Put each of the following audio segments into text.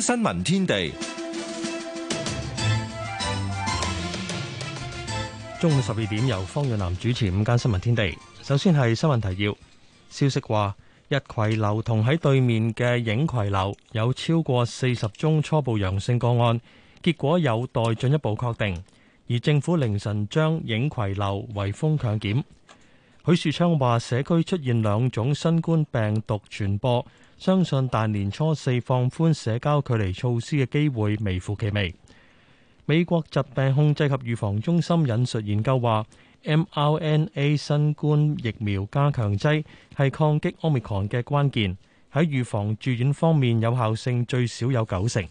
新聞天地，中午十二點由方遠南主持。午間新聞天地，首先係新聞提要。消息話，日葵樓同喺對面嘅影葵樓有超過四十宗初步陽性個案，結果有待進一步確定。而政府凌晨將影葵樓圍封強檢。許樹昌話，社區出現兩種新冠病毒傳播。相信大年初四放寬社交距離措施嘅機會微乎其微。美國疾病控制及預防中心引述研究話，mRNA 新冠疫苗加強劑係抗擊 omicron 嘅關鍵，喺預防住院方面有效性最少有九成。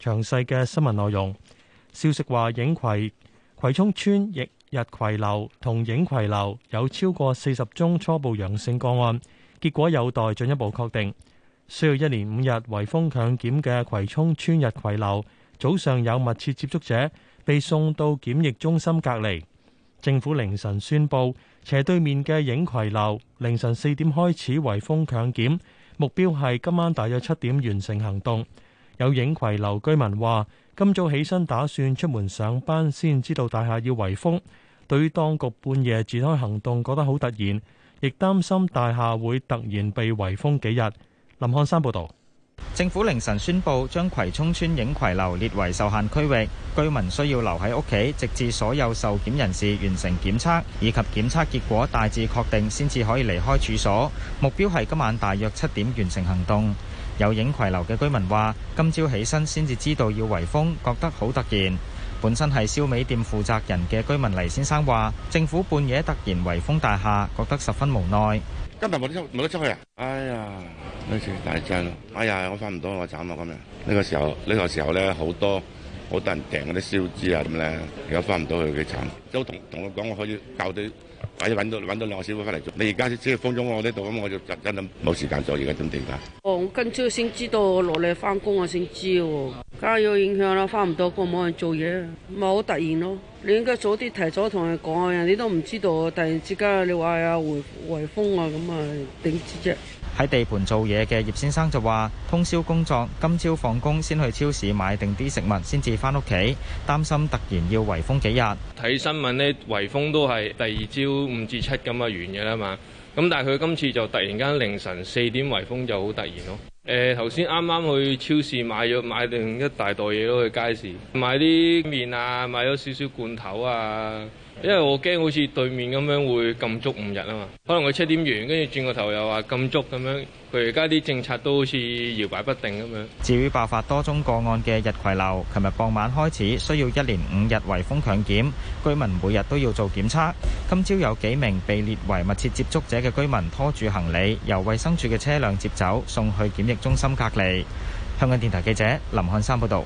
詳細嘅新聞內容，消息話，影葵葵涌村疫日葵樓同影葵樓有超過四十宗初步陽性個案。結果有待進一步確定。需要一連五日圍封強檢嘅葵涌村日葵樓，早上有密切接觸者被送到檢疫中心隔離。政府凌晨宣布，斜對面嘅影葵樓凌晨四點開始圍封強檢，目標係今晚大約七點完成行動。有影葵樓居民話：今早起身打算出門上班，先知道大廈要圍封。對於當局半夜展開行動，覺得好突然。亦擔心大廈會突然被圍封幾日。林漢山報導，政府凌晨宣布將葵涌村影葵樓列為受限區域，居民需要留喺屋企，直至所有受檢人士完成檢測以及檢測結果大致確定，先至可以離開住所。目標係今晚大約七點完成行動。有影葵樓嘅居民話：今朝起身先至知道要圍封，覺得好突然。本身係燒味店負責人嘅居民黎先生話，政府半夜突然圍封大廈，覺得十分無奈。今日冇得出，冇得出去啊！哎呀，呢次大震，哎呀，我翻唔到，我慘啊！今日呢個時候，呢個時候咧好多好多人訂嗰啲燒豬啊咁咧，而家翻唔到去，幾慘！都同同我講，我可以搞到或者揾到揾到兩個師傅翻嚟做。你而家即係封咗我呢度，咁我就真係冇時間做，而家點點解？哦，我今朝先知道落嚟返工啊，先知喎。梗係有影響啦，翻唔到工，冇人做嘢，咪好突然咯。你應該早啲提早同佢講啊，你都唔知道。突然之間你話啊，圍圍封啊，咁啊點知啫？喺地盤做嘢嘅葉先生就話：通宵工作，今朝放工先去超市買定啲食物，先至翻屋企。擔心突然要圍封幾日，睇新聞呢，圍封都係第二朝五至七咁嘅完嘅啦嘛。咁但係佢今次就突然間凌晨四點圍封就好突然咯。誒頭先啱啱去超市買咗買定一大袋嘢去街市，買啲麵啊，買咗少少罐頭啊。因為我驚好似對面咁樣會禁足五日啊嘛，可能佢七點完，跟住轉個頭又話禁足咁樣。佢而家啲政策都好似搖擺不定咁樣。至於爆發多宗個案嘅逸葵樓，琴日傍晚開始需要一連五日圍封強檢，居民每日都要做檢測。今朝有幾名被列為密切接觸者嘅居民拖住行李，由衛生署嘅車輛接走，送去檢疫中心隔離。香港電台記者林漢山報導。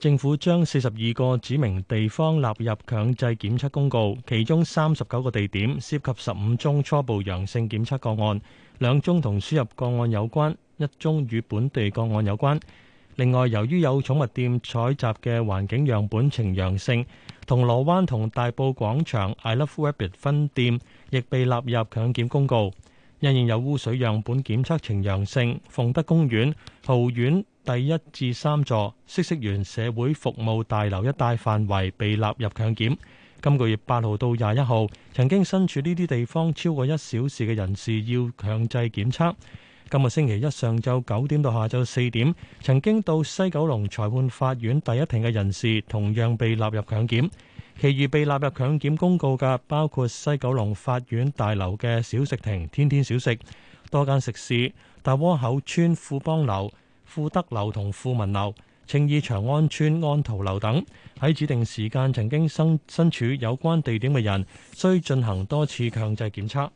政府將四十二個指明地方納入強制檢測公告，其中三十九個地點涉及十五宗初步陽性檢測個案，兩宗同輸入個案有關，一宗與本地個案有關。另外，由於有寵物店採集嘅環境樣本呈陽性，銅鑼灣同大埔廣場 I Love Rabbit 分店亦被納入強檢公告。因仍然有污水樣本檢測呈陽性，鳳德公園、豪苑第一至三座息息園社會服務大樓一帶範圍被納入強檢。今個月八號到廿一號，曾經身處呢啲地方超過一小時嘅人士要強制檢測。今日星期一上晝九點到下晝四點，曾經到西九龍裁判法院第一庭嘅人士同樣被納入強檢。其餘被納入強檢公告嘅，包括西九龍法院大樓嘅小食亭、天天小食、多間食肆、大窩口村富邦樓。富德樓同富民樓、青衣長安村、安圖樓等，喺指定時間曾經身身處有關地點嘅人，需進行多次強制檢測。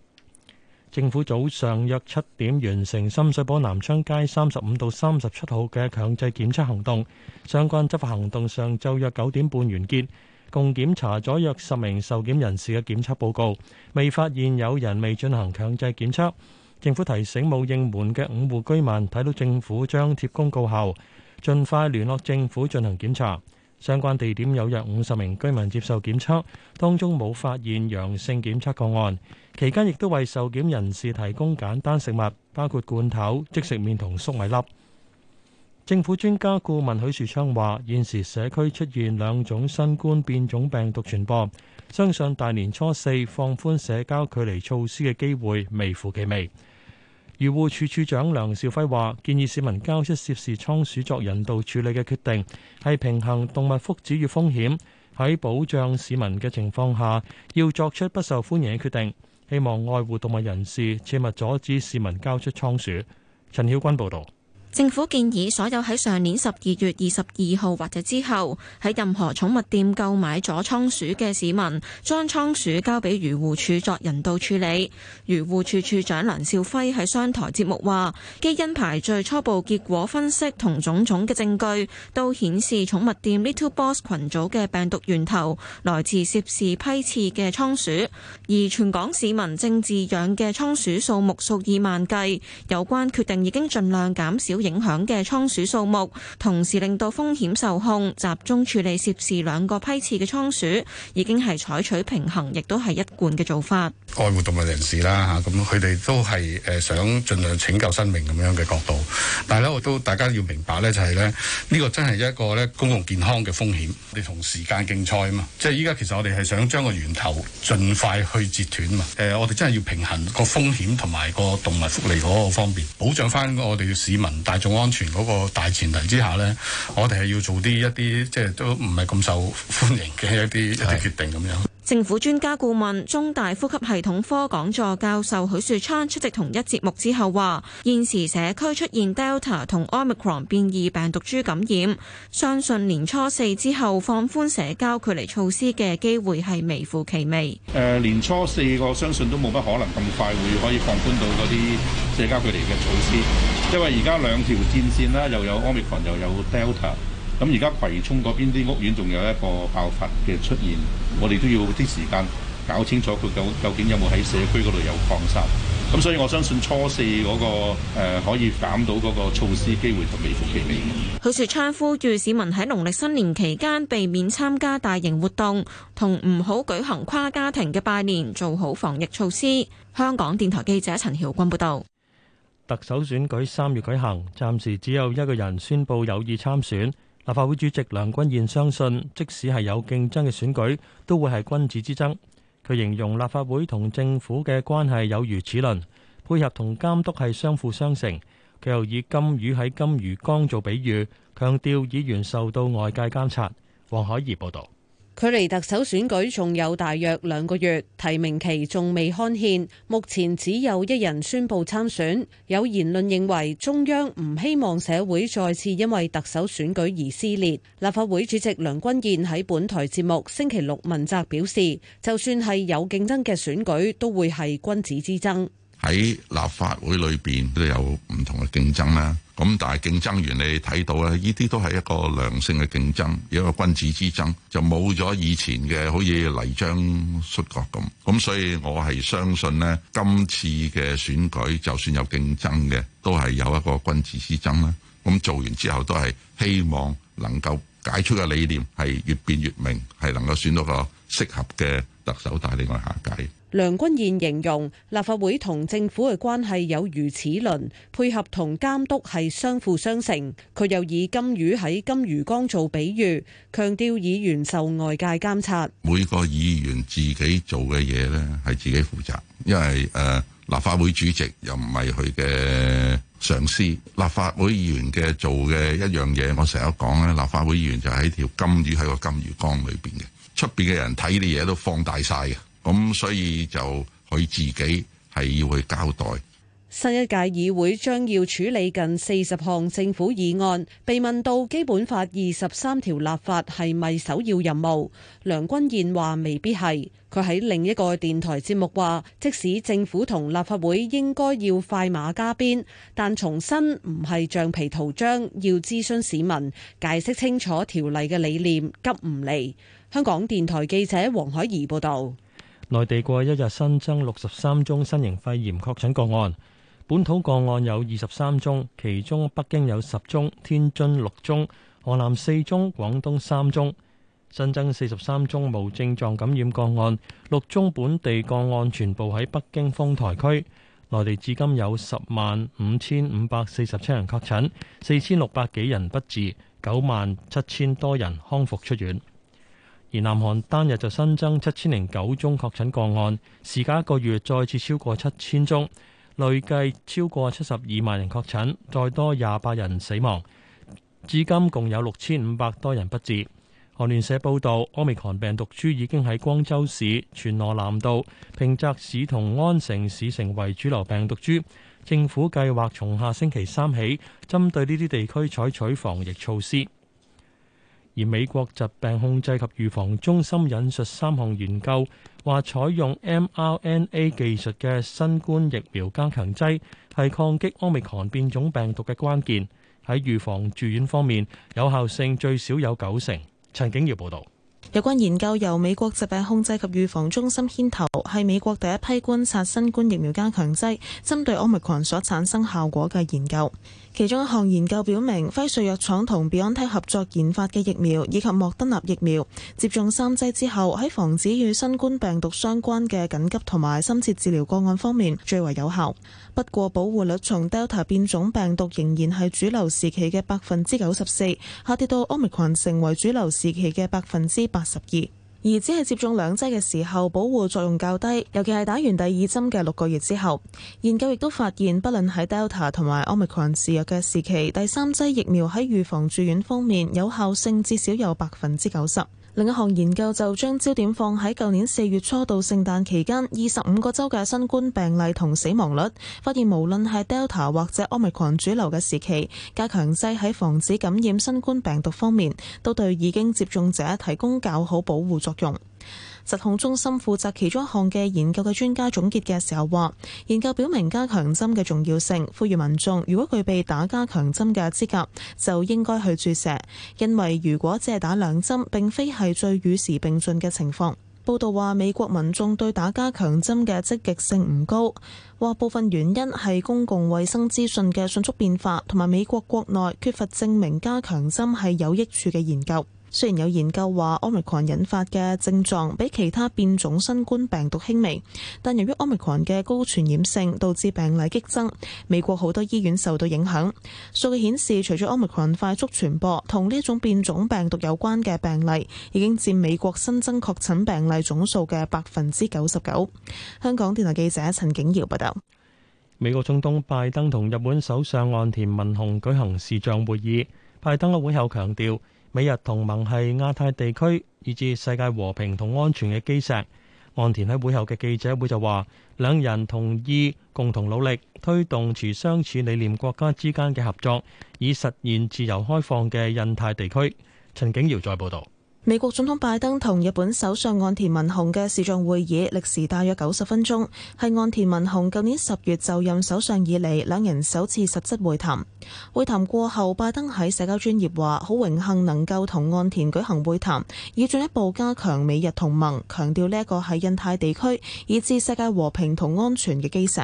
政府早上約七點完成深水埗南昌街三十五到三十七號嘅強制檢測行動，相關執法行動上晝約九點半完結，共檢查咗約十名受檢人士嘅檢測報告，未發現有人未進行強制檢測。政府提醒冇應門嘅五戶居民，睇到政府張貼公告後，盡快聯絡政府進行檢查。相關地點有約五十名居民接受檢測，當中冇發現陽性檢測個案。期間亦都為受檢人士提供簡單食物，包括罐頭、即食麵同粟米粒。政府專家顧問許樹昌話：現時社區出現兩種新冠變種病毒傳播，相信大年初四放寬社交距離措施嘅機會微乎其微。漁護署署長梁兆輝話，建議市民交出涉事倉鼠作人道處理嘅決定，係平衡動物福祉與風險，喺保障市民嘅情況下，要作出不受歡迎嘅決定。希望愛護動物人士切勿阻止市民交出倉鼠。陳曉君報道。政府建議所有喺上年十二月二十二號或者之後，喺任何寵物店購買咗倉鼠嘅市民，將倉鼠交俾漁護署作人道處理。漁護署處，處長梁少輝喺商台節目話，基因排序初步結果分析同種種嘅證據都顯示，寵物店 Little Boss 群組嘅病毒源頭來自涉事批次嘅倉鼠。而全港市民正飼養嘅倉鼠數目數以萬計，有關決定已經盡量減少。影響嘅倉鼠數目，同時令到風險受控，集中處理涉事兩個批次嘅倉鼠，已經係採取平衡，亦都係一貫嘅做法。愛護動物人士啦，吓咁佢哋都係誒想盡量拯救生命咁樣嘅角度。但係咧，我都大家要明白咧、就是，就係咧呢個真係一個咧公共健康嘅風險。你同時間競賽啊嘛，即係依家其實我哋係想將個源頭盡快去截斷啊嘛。誒，我哋真係要平衡個風險同埋個動物福利嗰個方面，保障翻我哋嘅市民。大眾安全嗰個大前提之下呢，我哋係要做啲一啲即係都唔係咁受歡迎嘅一啲一啲決定咁樣。政府專家顧問、中大呼吸系統科講座教授許樹昌出席同一節目之後話：現時社區出現 Delta 同 Omicron 變異病毒株感染，相信年初四之後放寬社交距離措施嘅機會係微乎其微。誒、呃、年初四我相信都冇乜可能咁快會可以放寬到嗰啲社交距離嘅措施，因為而家兩條戰線啦，又有 Omicron 又有 Delta。咁而家葵涌嗰邊啲屋苑仲有一個爆發嘅出現，我哋都要啲時間搞清楚佢究究竟有冇喺社區嗰度有擴散。咁所以我相信初四嗰、那個誒、呃、可以減到嗰個措施機會就微乎其微。許樹昌呼籲市民喺農曆新年期間避免參加大型活動同唔好舉行跨家庭嘅拜年，做好防疫措施。香港電台記者陳曉君報道，特首選舉三月舉行，暫時只有一個人宣佈有意參選。立法會主席梁君彥相信，即使係有競爭嘅選舉，都會係君子之爭。佢形容立法會同政府嘅關係有如齒輪，配合同監督係相輔相成。佢又以金魚喺金魚缸做比喻，強調議員受到外界監察。黃海怡報導。距離特首選舉仲有大約兩個月，提名期仲未刊憲，目前只有一人宣布參選。有言論認為中央唔希望社會再次因為特首選舉而撕裂。立法會主席梁君彥喺本台節目星期六問責表示，就算係有競爭嘅選舉，都會係君子之爭。喺立法會裏邊都有唔同嘅競爭啦，咁但係競爭完你睇到咧，呢啲都係一個良性嘅競爭，一個君子之爭，就冇咗以前嘅好似泥漿摔角咁，咁所以我係相信呢，今次嘅選舉就算有競爭嘅，都係有一個君子之爭啦。咁做完之後都係希望能夠解出嘅理念係越變越明，係能夠選到個適合嘅特首帶領去下解。梁君彥形容立法會同政府嘅關係有如齒輪配合同監督係相輔相成。佢又以金魚喺金魚缸做比喻，強調議員受外界監察。每個議員自己做嘅嘢咧，係自己負責，因為誒、呃，立法會主席又唔係佢嘅上司。立法會議員嘅做嘅一樣嘢，我成日講咧，立法會議員就係條金魚喺個金魚缸裏邊嘅，出邊嘅人睇啲嘢都放大晒嘅。咁所以就佢自己係要去交代新一屆議會將要處理近四十項政府議案。被問到《基本法》二十三條立法係咪首要任務，梁君彥話未必係，佢喺另一個電台節目話即使政府同立法會應該要快馬加鞭，但重申唔係橡皮圖章，要諮詢市民，解釋清楚條例嘅理念，急唔嚟。香港電台記者黃海怡報道。內地過一日新增六十三宗新型肺炎確診個案，本土個案有二十三宗，其中北京有十宗，天津六宗，河南四宗，廣東三宗。新增四十三宗無症狀感染個案，六宗本地個案全部喺北京豐台區。內地至今有十萬五千五百四十七人確診，四千六百幾人不治，九萬七千多人康復出院。而南韓單日就新增七千零九宗確診個案，時隔一個月再次超過七千宗，累計超過七十二萬人確診，再多廿八人死亡，至今共有六千五百多人不治。韓聯社報導，奧密克戎病毒株已經喺光州市、全羅南道、平澤市同安城市成為主流病毒株，政府計劃從下星期三起針對呢啲地區採取防疫措施。而美國疾病控制及預防中心引述三項研究，話採用 mRNA 技術嘅新冠疫苗加強劑係抗擊奧密克戎變種病毒嘅關鍵，喺預防住院方面有效性最少有九成。陳景耀報導，有關研究由美國疾病控制及預防中心牽頭，係美國第一批觀察新冠疫苗加強劑針對奧密克戎所產生效果嘅研究。其中一項研究表明，輝瑞藥廠同 BioNTech 合作研發嘅疫苗，以及莫德納疫苗，接種三劑之後，喺防止與新冠病毒相關嘅緊急同埋深切治療個案方面，最為有效。不過，保護率從 Delta 變種病毒仍然係主流時期嘅百分之九十四，下跌到 Omicron 成為主流時期嘅百分之八十二。而只係接種兩劑嘅時候，保護作用較低，尤其係打完第二針嘅六個月之後。研究亦都發現，不論喺 Delta 同埋 Omicron 肆虐嘅時期，第三劑疫苗喺預防住院方面有效性至少有百分之九十。另一項研究就將焦點放喺舊年四月初到聖誕期間二十五個州嘅新冠病例同死亡率，發現無論係 Delta 或者 Omicron 主流嘅時期，加強劑喺防止感染新冠病毒方面，都對已經接種者提供較好保護作用。疾控中心負責其中一項嘅研究嘅專家總結嘅時候話，研究表明加強針嘅重要性，呼籲民眾如果具備打加強針嘅資格，就應該去注射，因為如果只係打兩針，並非係最與時並進嘅情況。報道話美國民眾對打加強針嘅積極性唔高，話部分原因係公共衛生資訊嘅迅速變化，同埋美國國內缺乏證明加強針係有益處嘅研究。雖然有研究話，Omicron 引發嘅症狀比其他變種新冠病毒輕微，但由於 Omicron 嘅高傳染性，導致病例激增，美國好多醫院受到影響。數據顯示，除咗 Omicron 快速傳播，同呢一種變種病毒有關嘅病例已經佔美國新增確診病例總數嘅百分之九十九。香港電台記者陳景堯報道。美國總統拜登同日本首相岸田文雄舉行視像會議，拜登喺會後強調，美日同盟係亞太地區以至世界和平同安全嘅基石。岸田喺會後嘅記者會就話，兩人同意共同努力推動持相似理念國家之間嘅合作，以實現自由開放嘅印太地區。陳景耀再報道。美國總統拜登同日本首相岸田文雄嘅視像會議歷時大約九十分鐘，係岸田文雄舊年十月就任首相以嚟，兩人首次實質會談。會談過後，拜登喺社交專業話：好榮幸能夠同岸田舉行會談，以進一步加強美日同盟，強調呢一個喺印太地區以至世界和平同安全嘅基石。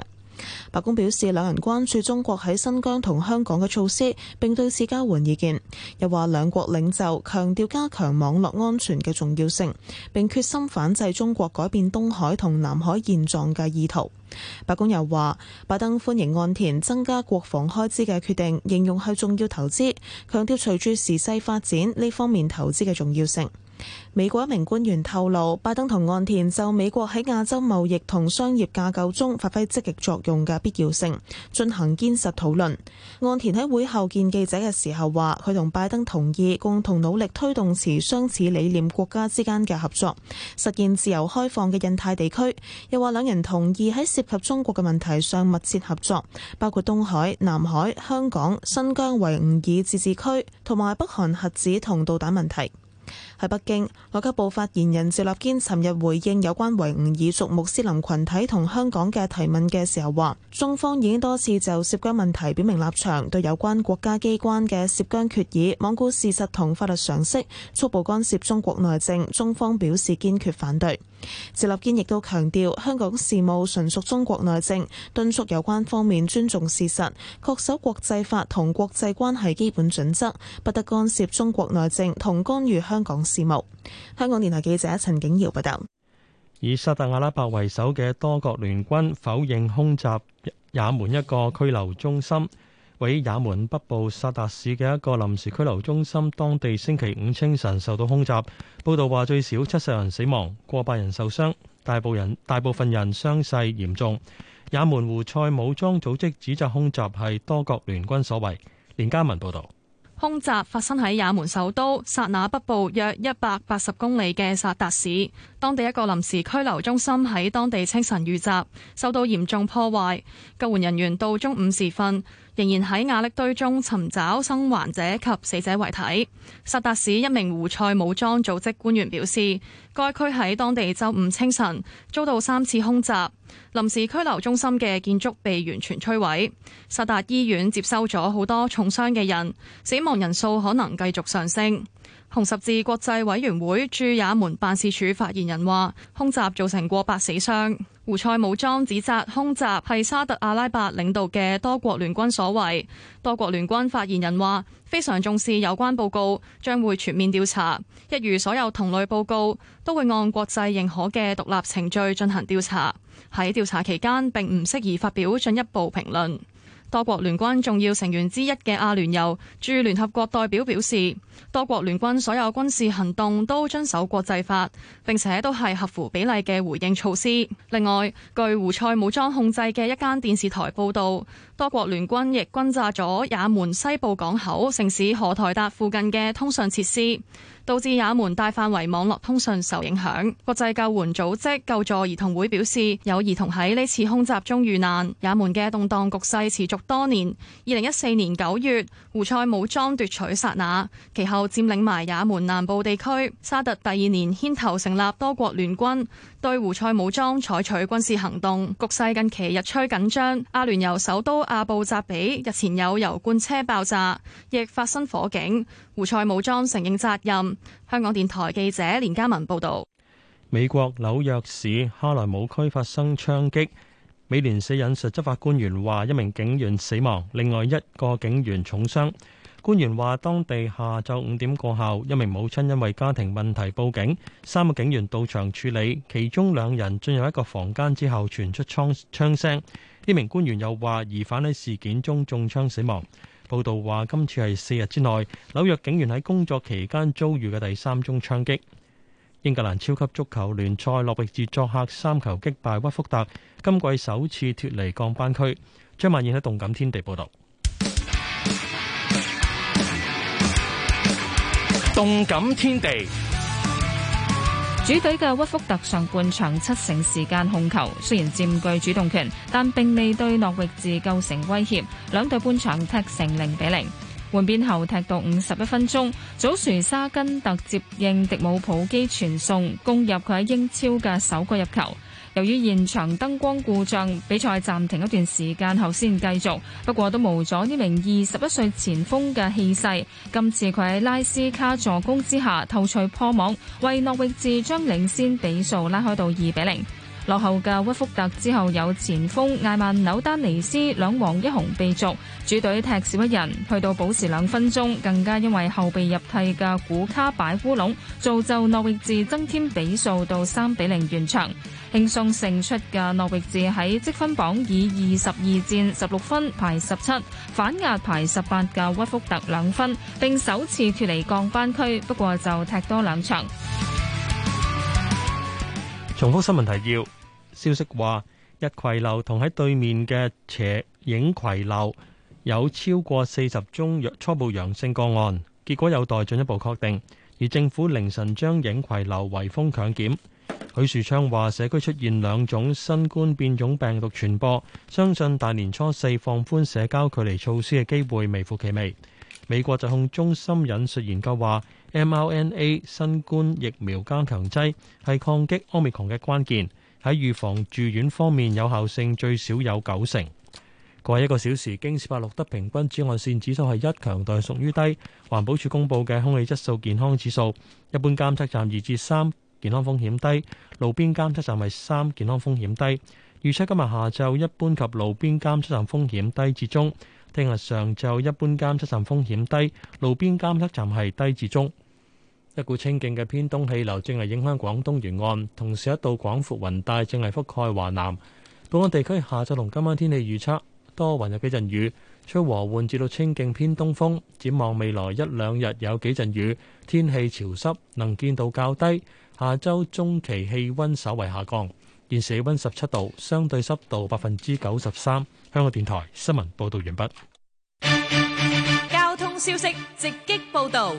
白宮表示，兩人關注中國喺新疆同香港嘅措施，並對此交換意見。又話兩國領袖強調加強網絡安全嘅重要性，並決心反制中國改變東海同南海現狀嘅意圖。白宮又話，拜登歡迎岸田增加國防開支嘅決定，形容係重要投資，強調隨住時勢發展呢方面投資嘅重要性。美國一名官員透露，拜登同岸田就美國喺亞洲貿易同商業架構中發揮積極作用嘅必要性進行堅實討論。岸田喺會後見記者嘅時候話，佢同拜登同意共同努力推動持相似理念國家之間嘅合作，實現自由開放嘅印太地區。又話兩人同意喺涉及中國嘅問題上密切合作，包括東海、南海、香港、新疆維吾爾自治區同埋北韓核子同導彈問題。喺北京，外交部發言人趙立堅尋日回應有關維吾爾族穆斯林群體同香港嘅提問嘅時候話，中方已經多次就涉疆問題表明立場，對有關國家機關嘅涉疆決議罔顧事實同法律常識，粗暴干涉中國內政，中方表示堅決反對。趙立堅亦都強調香港事務純屬中國內政，敦促有關方面尊重事實，恪守國際法同國際關係基本準則，不得干涉中國內政同干預香港。事務香港電台記者陳景瑤報道，以沙特阿拉伯為首嘅多國聯軍否認空襲也門一個拘留中心，位於也門北部薩達市嘅一個臨時拘留中心，當地星期五清晨受到空襲。報道話最少七十人死亡，過百人受傷，大部人大部分人傷勢嚴重。也門胡塞武裝組織指責空襲係多國聯軍所為。連家文報道。空襲發生喺也門首都薩那北部約一百八十公里嘅薩達市，當地一個臨時拘留中心喺當地清晨遇襲，受到嚴重破壞。救援人員到中午時分。仍然喺瓦礫堆中尋找生還者及死者遺體。薩達市一名胡塞武裝組織官員表示，該區喺當地周五清晨遭到三次空襲，臨時拘留中心嘅建築被完全摧毀。薩達醫院接收咗好多重傷嘅人，死亡人數可能繼續上升。紅十字國際委員會駐也門辦事處發言人話，空襲造成過百死傷。胡塞武裝指責空襲係沙特阿拉伯領導嘅多國聯軍所為。多國聯軍發言人話，非常重視有關報告，將會全面調查。一如所有同類報告，都會按國際認可嘅獨立程序進行調查。喺調查期間，並唔適宜發表進一步評論。多國聯軍重要成員之一嘅阿聯酋駐聯合國代表表示，多國聯軍所有軍事行動都遵守國際法，並且都係合乎比例嘅回應措施。另外，據胡塞武裝控制嘅一間電視台報導。多國聯軍亦轟炸咗也門西部港口城市荷台達附近嘅通訊設施，導致也門大範圍網絡通訊受影響。國際救援組織救助兒童會表示，有兒童喺呢次空襲中遇難。也門嘅動盪局勢持續多年。二零一四年九月，胡塞武裝奪取薩那，其後佔領埋也門南部地區。沙特第二年牽頭成立多國聯軍。對胡塞武裝採取軍事行動，局勢近期日趨緊張。阿聯酋首都阿布扎比日前有油罐車爆炸，亦發生火警。胡塞武裝承認責任。香港電臺記者連嘉文報道。美國紐約市哈萊姆區發生槍擊，美聯社引述執法官員話，一名警員死亡，另外一個警員重傷。官員話，當地下晝五點過後，一名母親因為家庭問題報警，三個警員到場處理，其中兩人進入一個房間之後傳出槍槍聲。呢名官員又話，疑犯喺事件中中槍死亡。報道話，今次係四日之內，紐約警員喺工作期間遭遇嘅第三宗槍擊。英格蘭超級足球聯賽諾域治作客三球擊敗屈福特，今季首次脫離降班區。張曼燕喺動感天地報道。動感天地，主隊嘅屈福特上半場七成時間控球，雖然占據主動權，但並未對諾域治構成威脅。兩隊半場踢成零比零，換邊後踢到五十一分鐘，祖殊沙根特接應迪姆普基傳送，攻入佢喺英超嘅首個入球。由於現場燈光故障，比賽暫停一段時間後先繼續。不過都冇咗呢名二十一歲前鋒嘅氣勢。今次佢喺拉斯卡助攻之下，頭槌破網，為諾域治將領先比數拉開到二比零。落後嘅屈福特之後有前鋒艾曼紐丹尼斯兩黃一紅被逐，主隊踢少一人。去到補時兩分鐘，更加因為後備入替嘅古卡擺烏龍，造就諾域治增添比數到三比零完場，輕鬆勝出嘅諾域治喺積分榜以二十二戰十六分排十七，反壓排十八嘅屈福特兩分，並首次脫離降班區，不過就踢多兩場。重複新聞提要。消息話，日葵樓同喺對面嘅斜影葵樓有超過四十宗初步陽性個案，結果有待進一步確定。而政府凌晨將影葵樓圍封強檢。許樹昌話：社區出現兩種新冠變種病毒傳播，相信大年初四放寬社交距離措施嘅機會微乎其微。美國疾控中心引述研究話，mRNA 新冠疫苗加強劑係抗擊奧密克戎嘅關鍵。喺預防住院方面，有效性最少有九成。過去一個小時，京士柏錄得平均紫外線指數係一，強度屬於低。環保署公布嘅空氣質素健康指數，一般監測站二至三，健康風險低；路邊監測站係三，健康風險低。預測今日下晝一般及路邊監測站風險低至中，聽日上晝一般監測站風險低，路邊監測站係低至中。一股清勁嘅偏東氣流正係影響廣東沿岸，同時一道廣闊雲帶正係覆蓋華南。本港地區下晝同今晚天氣預測多雲有幾陣雨，吹和緩至到清勁偏東風。展望未來一兩日有幾陣雨，天氣潮濕，能見度較低。下周中期氣溫稍為下降，現時氣溫十七度，相對濕度百分之九十三。香港電台新聞報道完畢。交通消息直擊報道。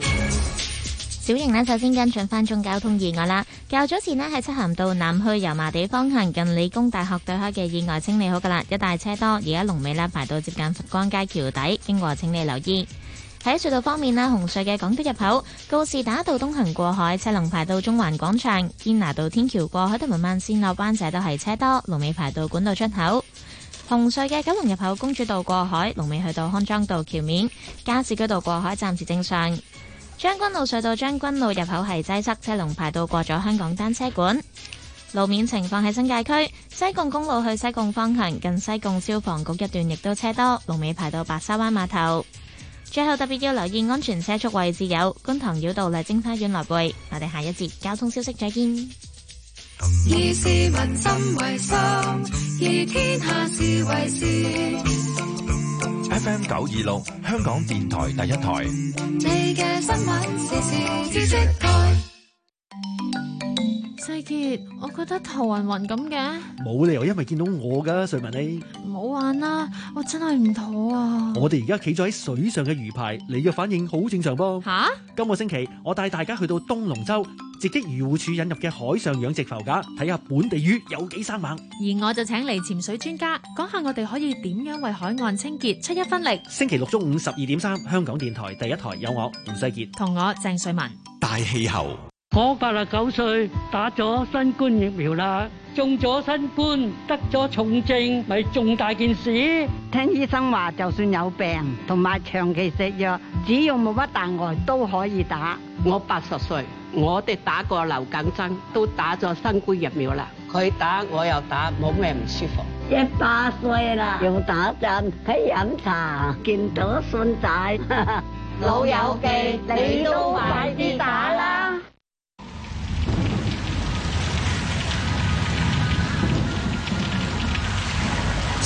小型呢，首先跟進翻宗交通意外啦。較早前呢，喺漆咸道南去油麻地方向近理工大學對開嘅意外清理好噶啦，一帶車多，而家龍尾呢排到接近佛光街橋底。經過請你留意喺隧道方面啦，紅隧嘅港島入口告士打道東行過海，車龍排到中環廣場；堅拿道天橋過海同埋慢線落灣仔都係車多，龍尾排到管道出口。紅隧嘅九龍入口公主道過海，龍尾去到康莊道橋面；加士居道過海暫時正常。將軍路隧道將軍路入口係擠塞，車龍排到過咗香港單車館。路面情況喺新界區西貢公路去西貢方向，近西貢消防局一段亦都車多，龍尾排到白沙灣碼頭。最後特別要留意安全車速位置有觀塘繞道麗晶花園來回。我哋下一節交通消息再見。以市民心為心，以天下事為 FM 九二六，26，香港電台第一台。世傑，我覺得頭暈暈咁嘅，冇理由因為見到我㗎。瑞文，你，唔好玩啦，我真係唔妥啊！我哋而家企咗喺水上嘅魚排，你嘅反應好正常噃。吓、啊！今個星期我帶大家去到東龍洲，直擊漁護署引入嘅海上養殖浮架，睇下本地魚有幾生猛。而我就請嚟潛水專家，講下我哋可以點樣為海岸清潔出一分力。星期六中午十二點三，3, 香港電台第一台，有我吳世傑同我鄭瑞文，大氣候。我八十九歲，打咗新冠疫苗啦，中咗新冠，得咗重症，咪重大件事。聽醫生話，就算有病同埋長期食藥，只要冇乜大礙都可以打。我八十歲，我哋打過流感針，都打咗新冠疫苗啦。佢打我又打，冇咩唔舒服。一百歲啦，用打針，去飲茶，見到信仔，老友記，你都快啲打啦。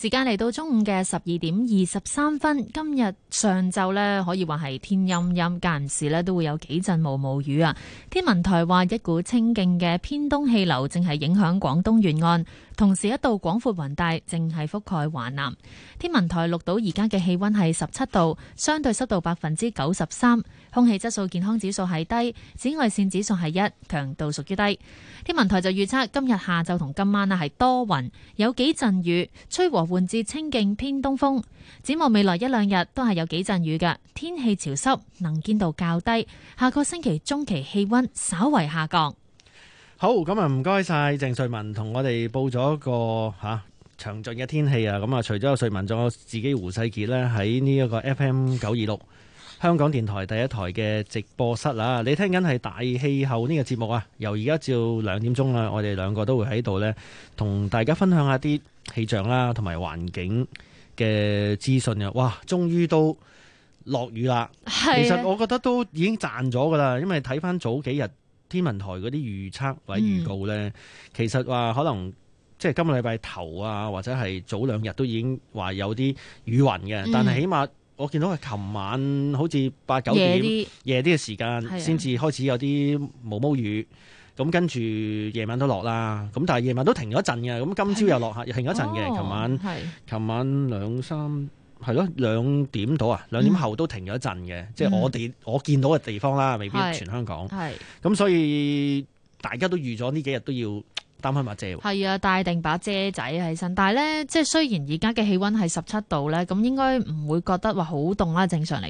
時間嚟到中午嘅十二點二十三分，今日上晝呢，可以話係天陰陰，間唔時咧都會有幾陣毛毛雨啊。天文台話一股清勁嘅偏東氣流正係影響廣東沿岸，同時一道廣闊雲帶正係覆蓋華南。天文台錄到而家嘅氣溫係十七度，相對濕度百分之九十三。空氣質素健康指數係低，紫外綫指數係一，強度屬於低。天文台就預測今日下晝同今晚咧係多雲，有幾陣雨，吹和緩至清勁偏東風。展望未來一兩日都係有幾陣雨嘅，天氣潮濕，能見度較低。下個星期中期氣溫稍為下降。好，咁啊唔該晒鄭瑞文同我哋報咗個吓詳盡嘅天氣啊。咁啊，除咗阿瑞文，仲有自己胡世杰呢，喺呢一個 FM 九二六。香港電台第一台嘅直播室啦，你聽緊係大氣候呢個節目啊，由而家至到兩點鐘啦，我哋兩個都會喺度咧，同大家分享下啲氣象啦，同埋環境嘅資訊啊，哇，終於都落雨啦！其實我覺得都已經賺咗噶啦，的因為睇翻早幾日天，天文台嗰啲預測或者預告咧，嗯、其實話可能即係今個禮拜頭啊，或者係早兩日都已經話有啲雨雲嘅，但係起碼。我見到係琴晚好似八九點夜啲嘅時間先至開始有啲毛毛雨，咁跟住夜晚都落啦。咁但係夜晚都停咗陣嘅，咁今朝又落下，又的停咗陣嘅。琴、哦、晚琴的晚兩三係咯兩點到啊，嗯、兩點後都停咗陣嘅。嗯、即係我哋我見到嘅地方啦，未必全香港。係咁，嗯、所以大家都預咗呢幾日都要。帶翻把遮，係啊，帶定把遮仔起身。但係咧，即係雖然而家嘅氣溫係十七度咧，咁應該唔會覺得話好凍啦。正常嚟。